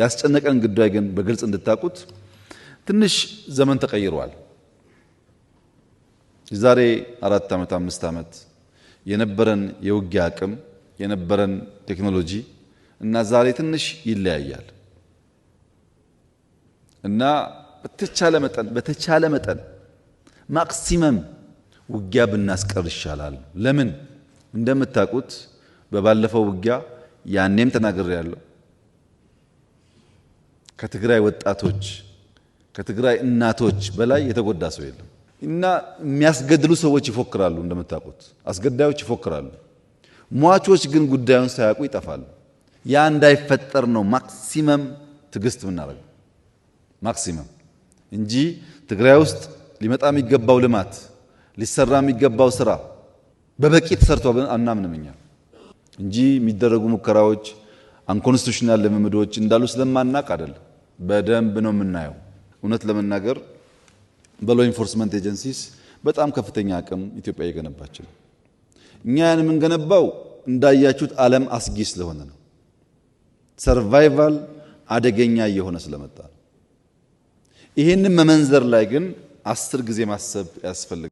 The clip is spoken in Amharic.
ያስጨነቀን ጉዳይ ግን በግልጽ እንድታቁት ትንሽ ዘመን ተቀይሯል። የዛሬ አራት ዓመት አምስት ዓመት የነበረን የውጊያ አቅም የነበረን ቴክኖሎጂ እና ዛሬ ትንሽ ይለያያል እና በተቻለ መጠን በተቻለ መጠን ማክሲመም ውጊያ ብናስቀር ይሻላል። ለምን እንደምታውቁት በባለፈው ውጊያ ያኔም ተናግሬ ያለው ከትግራይ ወጣቶች ከትግራይ እናቶች በላይ የተጎዳ ሰው የለም። እና የሚያስገድሉ ሰዎች ይፎክራሉ፣ እንደምታውቁት አስገዳዮች ይፎክራሉ። ሟቾች ግን ጉዳዩን ሳያውቁ ይጠፋሉ። ያ እንዳይፈጠር ነው ማክሲመም ትግስት የምናደርገው ማክሲመም እንጂ ትግራይ ውስጥ ሊመጣ የሚገባው ልማት ሊሰራ የሚገባው ስራ በበቂ ተሰርቶ አናምንም እኛ እንጂ የሚደረጉ ሙከራዎች አንኮንስቲቱሽናል ልምምዶች እንዳሉ ስለማናቅ አይደለም። በደንብ ነው የምናየው። እውነት ለመናገር በሎ ኢንፎርስመንት ኤጀንሲስ በጣም ከፍተኛ አቅም ኢትዮጵያ እየገነባች ነው። እኛ ያን የምንገነባው እንዳያችሁት ዓለም አስጊ ስለሆነ ነው። ሰርቫይቫል አደገኛ እየሆነ ስለመጣ ነው። ይህንን መመንዘር ላይ ግን አስር ጊዜ ማሰብ ያስፈልጋል።